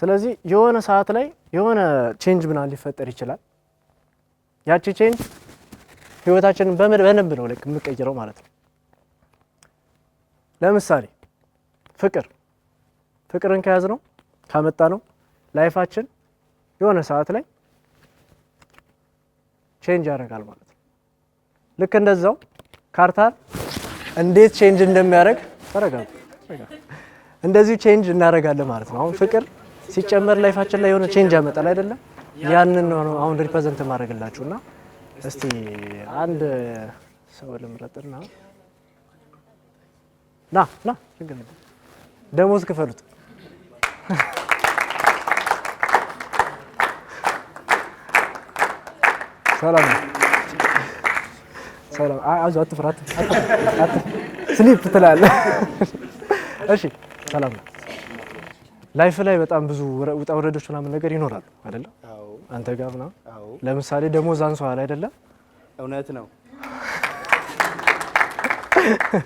ስለዚህ የሆነ ሰዓት ላይ የሆነ ቼንጅ ምናምን ሊፈጠር ይችላል። ያቺ ቼንጅ ህይወታችንን በደንብ ነው ልክ የምቀይረው ማለት ነው። ለምሳሌ ፍቅር ፍቅርን ከያዝ ነው ካመጣ ነው ላይፋችን የሆነ ሰዓት ላይ ቼንጅ ያደርጋል ማለት ነው። ልክ እንደዛው ካርታር እንዴት ቼንጅ እንደሚያደርግ ተረጋጋ። እንደዚሁ ቼንጅ እናደርጋለን ማለት ነው። አሁን ፍቅር ሲጨመር ላይፋችን ላይ የሆነ ቼንጅ ያመጣል አይደለም? ያንን ነው አሁን ሪፕሬዘንት ማድረግላችሁና እስቲ አንድ ሰው ልምረጥና ና ና ደሞዝ ክፈሉት። ሰላም ሰላም። አዙ አትፍራ፣ ስሊፕ ትላለህ። እሺ ሰላም ነው። ላይፍ ላይ በጣም ብዙ ውጣ ውረዶች ምናምን ነገር ይኖራሉ አይደለ? አንተ ጋር ምናምን ለምሳሌ ደሞዝ አንሷል አይደለ? እውነት ነው።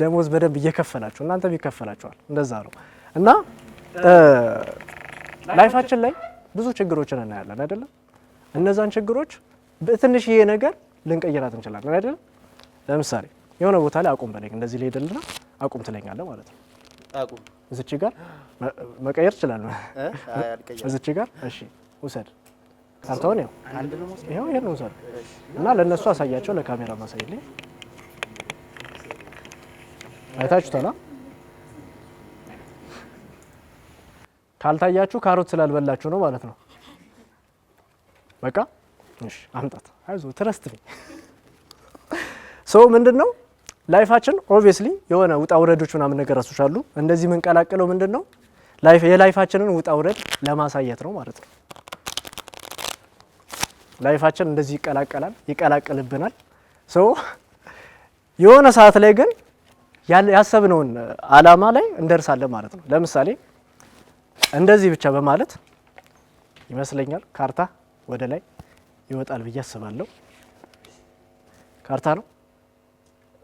ደሞዝ በደንብ እየከፈላችሁ እናንተም ይከፈላችኋል። እንደዛ ነው እና ላይፋችን ላይ ብዙ ችግሮችን እናያለን አይደለም? እነዛን ችግሮች በትንሽ ይሄ ነገር ልንቀይራት እንችላለን አይደለም? ለምሳሌ የሆነ ቦታ ላይ አቁም በለኝ እንደዚህ ሊሄድልና አቁም ትለኛለህ ማለት ነው። አቁም እዚች ጋር መቀየር እችላለሁ። እዚች ጋር እሺ፣ ውሰድ ካርታውን ያው ይሄን ውሰድ እና ለእነሱ አሳያቸው። ለካሜራ ማሳይልኝ አይታችሁታል። ካልታያችሁ ካሮት ስላልበላችሁ ነው ማለት ነው። በቃ እሺ፣ አምጣት። አይዞህ ትረስት ሰው ምንድን ነው ላይፋችን ኦብቪየስሊ የሆነ ውጣ ውረዶች ምናምን ነገር አሉ። እንደዚህ የምንቀላቅለው ምንድን ነው ላይፍ የላይፋችንን ውጣ ውረድ ለማሳየት ነው ማለት ነው። ላይፋችን እንደዚህ ይቀላቀላል፣ ይቀላቅልብናል። ሶ የሆነ ሰዓት ላይ ግን ያሰብነውን አላማ ላይ እንደርሳለን ማለት ነው። ለምሳሌ እንደዚህ ብቻ በማለት ይመስለኛል ካርታ ወደ ላይ ይወጣል ብዬ አስባለሁ። ካርታ ነው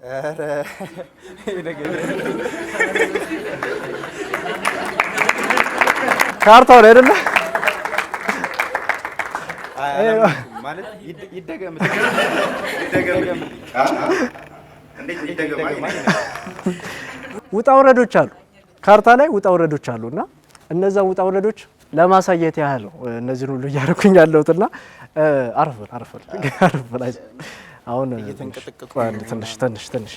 ላይ አይደለ ውጣ ውረዶች አሉ። ካርታ ላይ ውጣ ውረዶች አሉ እና እነዛ ውጣ ውረዶች ለማሳየት ያህል ነው እነዚህን ሁሉ እያደረኩኝ ያለሁትና አረፍ በል አረፍ በል አሁን እየተንቀጠቀጥኩ ትንሽ ትንሽ ትንሽ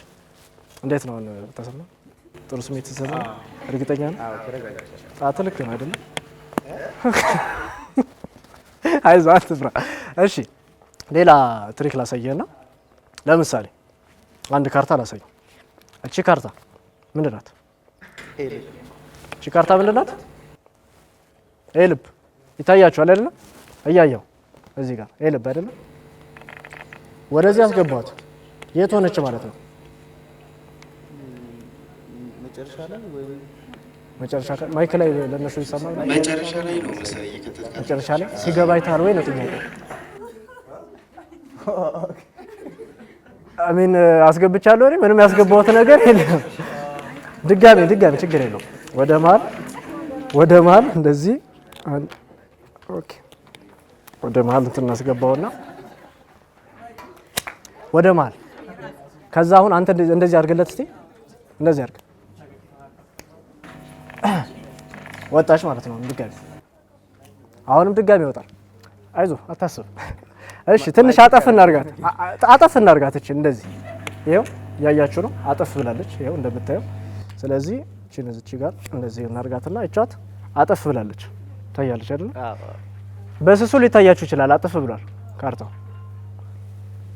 እንዴት ነው? ተሰማ ጥሩ ስሜት ተሰማ። እርግጠኛ ነው ጣት ልክ ነው አይደለ? አይዞህ አትፍራ። እሺ ሌላ ትሪክ ላሳየህና ለምሳሌ አንድ ካርታ ላሳየህ። እቺ ካርታ ምንድን ናት? እቺ ካርታ ምንድን ናት? ኤልብ ይታያችኋል አይደለ? እያየው እዚህ ጋር ኤልብ አይደለም ወደዚህ አስገባት። የት ሆነች ማለት ነው? መጨረሻ ላይ ማይክ ላይ ለነሱ ይሰማል። መጨረሻ ላይ ሲገባ አይተሃል ወይ ነው ጥያቄ። አሚን አስገብቻለሁ። እኔ ምንም ያስገባሁት ነገር የለም። ድጋሚ ድጋሚ ችግር የለውም። ወደ መሀል ወደ መሀል እንደዚህ ኦኬ፣ ወደ መሀል እንትን እናስገባውና ወደ መሀል። ከዛ አሁን አንተ እንደዚህ አድርግለት እስቲ፣ እንደዚህ አድርግ። ወጣሽ ማለት ነው። ድጋሚ አሁንም ድጋሚ ይወጣል። አይዞ አታስብ። እሺ ትንሽ አጠፍ እናርጋት፣ አጠፍ እናርጋት። እቺ እንደዚህ ይሄው ያያችሁ ነው። አጠፍ ብላለች፣ ይሄው እንደምታየው። ስለዚህ እቺን እዚች ጋር እንደዚህ እናርጋትና እቻት አጠፍ ብላለች። ታያለች አይደል? በስሱ ሊታያችሁ ይችላል። አጠፍ ብሏል ካርታው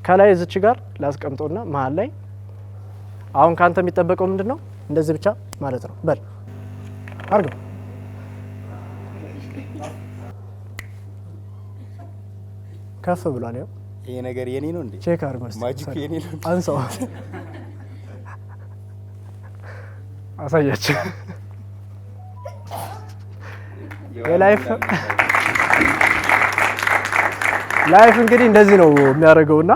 ከላይ እዚች ጋር ላስቀምጦና መሀል ላይ አሁን ከአንተ የሚጠበቀው ምንድን ነው? እንደዚህ ብቻ ማለት ነው። በል አርገው። ከፍ ብሏል። ያው ይሄ ነገር የኔ ነው እንዴ? ቼክ አርግ መስ ማጂክ የኔ ነው አንሳው። አሳያችሁ የላይፍ ላይፍ እንግዲህ እንደዚህ ነው የሚያደርገው እና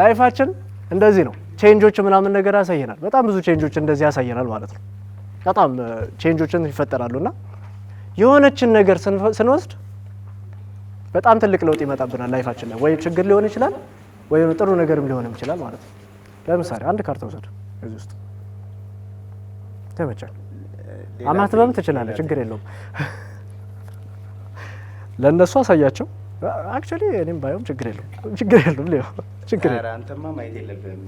ላይፋችን እንደዚህ ነው። ቼንጆች ምናምን ነገር ያሳየናል። በጣም ብዙ ቼንጆች እንደዚህ ያሳየናል ማለት ነው። በጣም ቼንጆችን ይፈጠራሉ እና የሆነችን ነገር ስንወስድ በጣም ትልቅ ለውጥ ይመጣብናል ላይፋችን ላይ። ወይ ችግር ሊሆን ይችላል ወይ ጥሩ ነገርም ሊሆንም ይችላል ማለት ነው። ለምሳሌ አንድ ካርታ ውሰድ። እዚህ ውስጥ ተመቻል አማትበም ትችላለህ፣ ችግር የለውም። ለእነሱ አሳያቸው። አክቹዋሊ እኔም ባየውም ችግር የለም ችግር የለም ሌው ችግር አንተማ የለብህም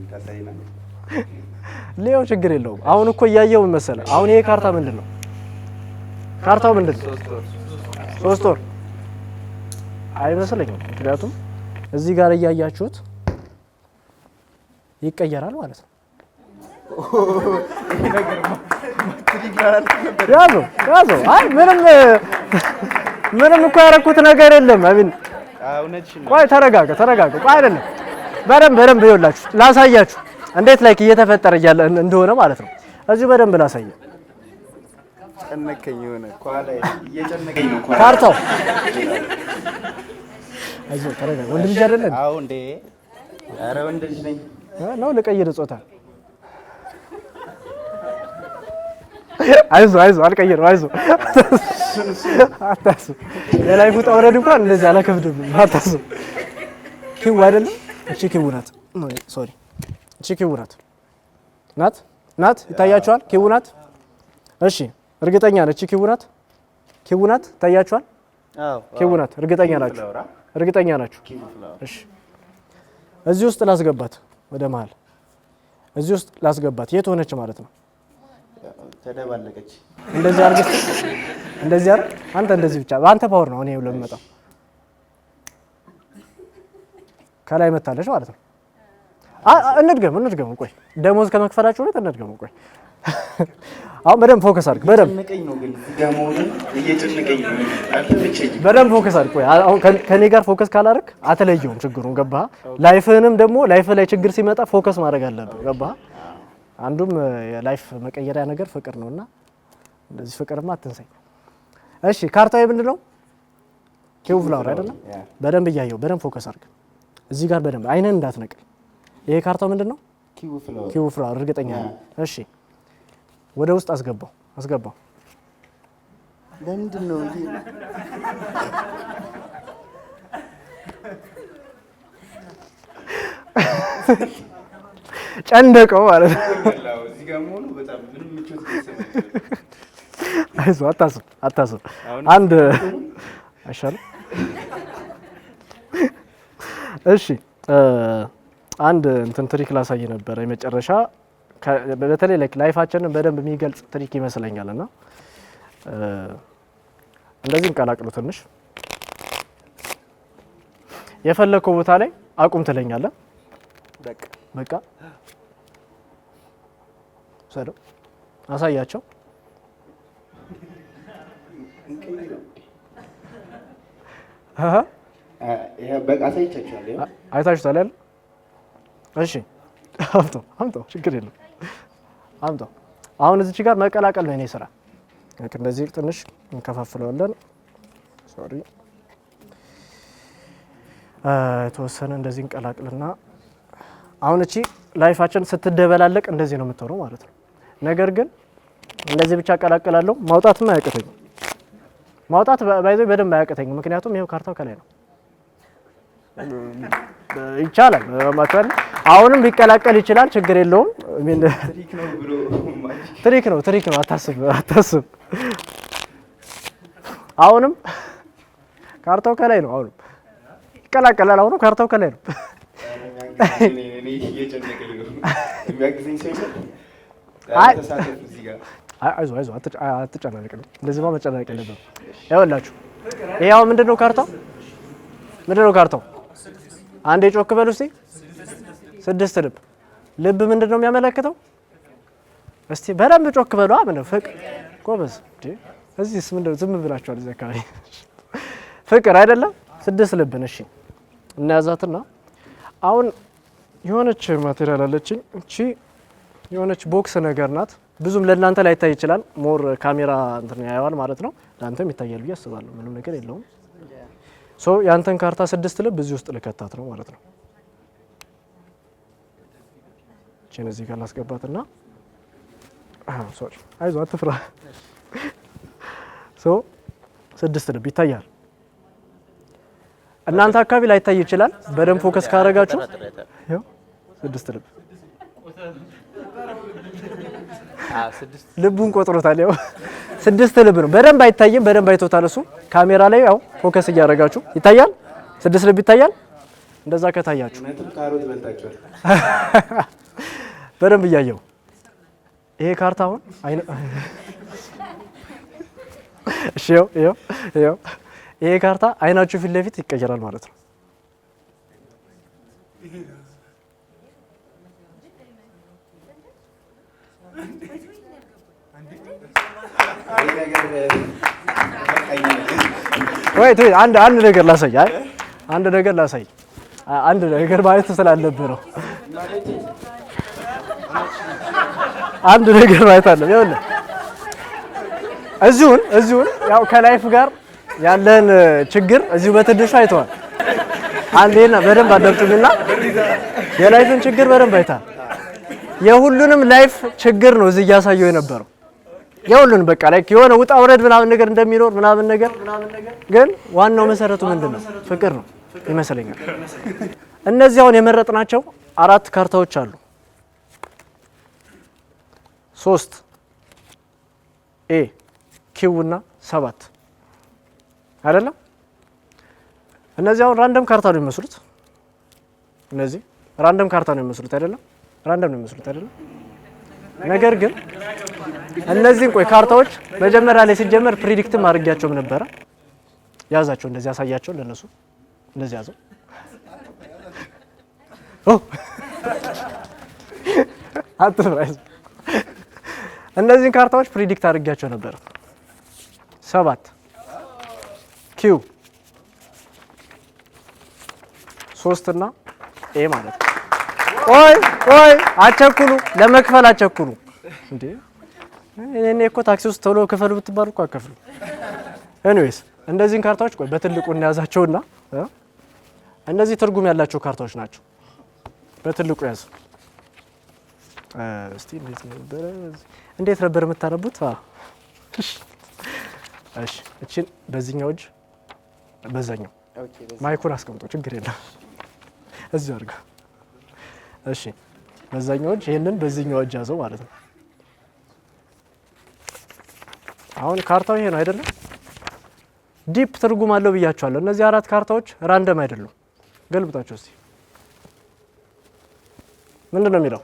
ሊዮ ችግር የለውም። አሁን እኮ እያየው መሰለ። አሁን ይሄ ካርታ ምንድን ነው? ካርታው ምንድን ነው? ሶስት ወር አይመስለኝም። ምክንያቱም እዚህ ጋር እያያችሁት ይቀየራል ማለት ነው። ያዘው ያዘው። አይ ምንም ምንም እኮ ያደረኩት ነገር የለም። አብን ቆይ ተረጋጋ፣ ተረጋጋ። ቆይ አይደለም፣ በደንብ በደንብ ይኸውላችሁ፣ ላሳያችሁ እንዴት ላይክ እየተፈጠረ እያለ እንደሆነ ማለት ነው። እዚሁ በደንብ ላሳየ። ጨነቀኝ ሆነ ኳላ እየጨነቀኝ ነው። ኳላ ካርታው አይዞ ተረጋጋ። ወንድ ልጅ አይደለም? አዎ እንዴ! አረ ወንድ ልጅ ነኝ ነው። ልቀይር ጾታ አይዞ አይዞ አልቀየረው አይዞ አታሱ የላይፉ ውጣ ውረድ እንኳን እንደዚህ አላከብድም። አታሱ ኪው አይደለም። እቺ ኪው ናት። ሶሪ፣ እቺ ኪው ናት። ናት ናት፣ ይታያችኋል። ኪው ናት። እሺ፣ እርግጠኛ ነች ኪው ናት። ኪው ናት፣ ይታያችኋል። ኪው ናት። እርግጠኛ ናችሁ? እርግጠኛ ናችሁ? እሺ፣ እዚህ ውስጥ ላስገባት፣ ወደ መሀል እዚህ ውስጥ ላስገባት። የት ሆነች ማለት ነው? ተደባለቀች። እንደዚህ አርግ፣ እንደዚህ አርግ። አንተ እንደዚህ ብቻ በአንተ ፓወር ነው እኔ ለምመጣው ከላይ መታለች ማለት ነው። እንድገም እንድገም፣ ቆይ ደሞዝ ከመክፈላችሁ ሁለት እንድገም፣ ቆይ አሁን በደንብ ፎከስ አድርግ። በደንብ በደንብ ፎከስ አድርግ። ቆይ አሁን ከኔ ጋር ፎከስ ካላደረግ አትለየውም ችግሩን። ገባህ? ላይፍህንም ደግሞ ላይፍህ ላይ ችግር ሲመጣ ፎከስ ማድረግ አለብህ። ገባህ? አንዱም የላይፍ መቀየሪያ ነገር ፍቅር ነውና እንደዚህ ፍቅርማ አትንሳኝ። እሺ ካርታው ምንድን ነው? ኪው ፍላወር አይደለም። በደንብ እያየው በደንብ ፎከስ አድርግ። እዚህ ጋር በደንብ አይነን እንዳትነቅል። ይሄ ካርታው ምንድን ነው? ኪው ፍላወር እርግጠኛ ነኝ። እሺ ወደ ውስጥ አስገባው አስገባው። ለምንድን ነው ጨንደቀው ማለት ነው። አይዞህ አታስብ አታስብ። አንድ አይሻልም? እሺ አንድ እንትን ትሪክ ላሳይ ነበረ የመጨረሻ በተለይ ላይፋችንን በደንብ የሚገልጽ ትሪክ ይመስለኛል። እና እንደዚህ እንቀላቅሉ ትንሽ የፈለግከው ቦታ ላይ አቁም ትለኛለህ በቃ ሰደው አሳያቸው። አይታችሁታል አይደል? እሺ አምጣው አምጣው፣ ችግር የለም አምጣው። አሁን እዚች ጋር መቀላቀል ነው የኔ ስራ። እንደዚህ ትንሽ እንከፋፍለዋለን። ሶሪ የተወሰነ እንደዚህ እንቀላቅልና አሁን እቺ ላይፋችን ስትደበላለቅ እንደዚህ ነው የምትሆነው ማለት ነው። ነገር ግን እንደዚህ ብቻ አቀላቅላለሁ። ማውጣትም አያቅተኝ ማውጣት ባይዞ በደንብ አያቅተኝ፣ ምክንያቱም ይሄው ካርታው ከላይ ነው። ይቻላል ማለት አሁንም ሊቀላቀል ይችላል፣ ችግር የለውም። ትሪክ ነው ትሪክ ነው፣ አታስብ አታስብ። አሁንም ካርታው ከላይ ነው። አሁንም ይቀላቀላል። አሁንም ካርታው ከላይ ነው። አይዞ አይዞ አትጨናነቅ ነው። እንደዚህማ መጨናነቅ የለብህም። ይኸውላችሁ ይኸው ምንድን ነው ካርታው? ምንድን ነው ካርታው? አንዴ ጮክ በሉ እስኪ። ስድስት ልብ ልብ ምንድን ነው የሚያመለክተው? እስቲ በደንብ ጮክ በሉ። ምንድን ፍቅር ጎበዝ። እዚህስ ምንድን ነው? ዝም ብላችኋል። እዚህ አካባቢ ፍቅር አይደለም። ስድስት ልብ ነሽ። እናያዛትና አሁን የሆነች ማቴሪያል አለችኝ እቺ የሆነች ቦክስ ነገር ናት። ብዙም ለእናንተ ላይታይ ይችላል። ሞር ካሜራ እንትን ያየዋል ማለት ነው። ለአንተም ይታያል ብዬ አስባለሁ። ምንም ነገር የለውም። ሶ የአንተን ካርታ ስድስት ልብ እዚህ ውስጥ ልከታት ነው ማለት ነው። ችን እዚህ ጋር ላስገባትና ሶሪ፣ አይዞ አትፍራ። ሶ ስድስት ልብ ይታያል። እናንተ አካባቢ ላይታይ ይችላል። በደንብ ፎከስ ካረጋችሁ ስድስት ልብ ልቡን ቆጥሮታል። ያው ስድስት ልብ ነው። በደንብ አይታይም፣ በደንብ አይቶታል እሱ ካሜራ ላይ ያው ፎከስ እያደረጋችሁ ይታያል። ስድስት ልብ ይታያል። እንደዛ ከታያችሁ በደንብ እያየው ይሄ ካርታ አሁን ይሄ ካርታ አይናችሁ ፊት ለፊት ይቀየራል ማለት ነው። ወይ አንድ አንድ ነገር ላሳይ፣ አይ አንድ ነገር ላሳይ፣ አንድ ነገር ማለት ስላለብህ ነው። አንድ ነገር ማለት አለ። ይኸውልህ እዚሁን እዚሁን ያው ከላይፍ ጋር ያለን ችግር እዚሁ በትንሹ አይተዋል። አንዴና በደንብ አዳምጡኝና የላይፍን ችግር በደንብ አይተሃል። የሁሉንም ላይፍ ችግር ነው እዚህ እያሳየው የነበረው የሁሉን በቃ ላይክ የሆነ ውጣ ውረድ ምናምን ነገር እንደሚኖር ምናምን ነገር ግን ዋናው መሰረቱ ምንድን ነው? ፍቅር ነው ይመስለኛል። እነዚህ አሁን የመረጥናቸው አራት ካርታዎች አሉ። ሶስት ኤ ኪው እና ሰባት አይደለም። እነዚህ አሁን ራንደም ካርታ ነው የሚመስሉት። እነዚህ ራንደም ካርታ ነው የሚመስሉት አይደለም። ራንደም ነው የሚመስሉት አይደለም። ነገር ግን እነዚህን ቆይ ካርታዎች መጀመሪያ ላይ ሲጀመር ፕሪዲክትም አድርጊያቸውም ነበረ። ያዛቸው እንደዚህ ያሳያቸው ለነሱ እንደዚህ ያዘው። እነዚህን ካርታዎች ፕሪዲክት አድርጊያቸው ነበረ። ሰባት ኪው ሶስት እና ኤ ማለት ነው። ቆይ ቆይ አቸኩሉ፣ ለመክፈል አቸኩሉ እንዴ እኔ እኮ ታክሲ ውስጥ ቶሎ ክፈሉ ብትባል እኮ አከፍሉ። ኤኒዌይስ እነዚህን ካርታዎች ቆይ በትልቁ እናያዛቸውና እነዚህ ትርጉም ያላቸው ካርታዎች ናቸው። በትልቁ ያዝ። እስቲ እንዴት ነበር እንዴት ነበር የምታነቡት? እሺ እቺን በዚህኛው እጅ በዛኛው ማይኩን አስቀምጦ ችግር የለም እዚህ አድርጋ። እሺ በዛኛው እጅ ይህንን በዚህኛው እጅ ያዘው ማለት ነው። አሁን ካርታው ይሄ ነው አይደለም? ዲፕ ትርጉም አለው ብያቸዋለሁ። እነዚህ አራት ካርታዎች ራንደም አይደሉም። ገልብጣቸው እስቲ ምንድን ነው የሚለው?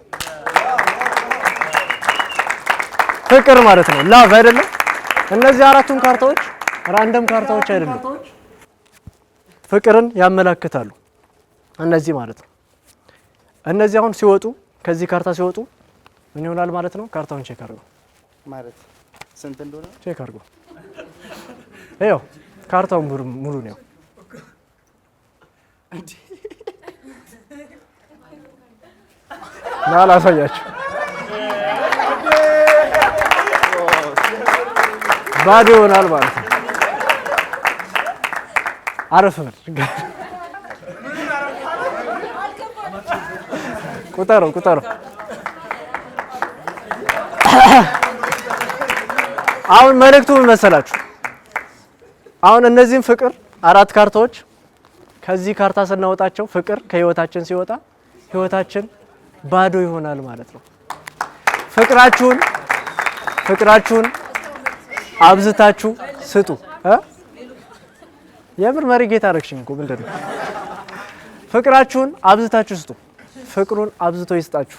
ፍቅር ማለት ነው ላቭ አይደለም? እነዚህ አራቱም ካርታዎች ራንደም ካርታዎች አይደሉም፣ ፍቅርን ያመላክታሉ። እነዚህ ማለት ነው እነዚህ አሁን ሲወጡ ከዚህ ካርታ ሲወጡ ምን ይሆናል ማለት ነው? ካርታውን ቼክ አድርገው ማለት ስንት እንደሆነ ቼክ አድርጎ ይኸው ካርታው ሙሉ ነው። ና ላሳያችሁ። ባዶ ይሆናል ማለት ነው። አረፍ በል ቁጠረው ቁጠረው አሁን መልእክቱ ምን መሰላችሁ? አሁን እነዚህን ፍቅር አራት ካርታዎች ከዚህ ካርታ ስናወጣቸው ፍቅር ከህይወታችን ሲወጣ ህይወታችን ባዶ ይሆናል ማለት ነው። ፍቅራችሁን ፍቅራችሁን አብዝታችሁ ስጡ። የምር መሪ ጌታ አረግሽኝ እኮ ምንድን ነው? ፍቅራችሁን አብዝታችሁ ስጡ። ፍቅሩን አብዝቶ ይስጣችሁ።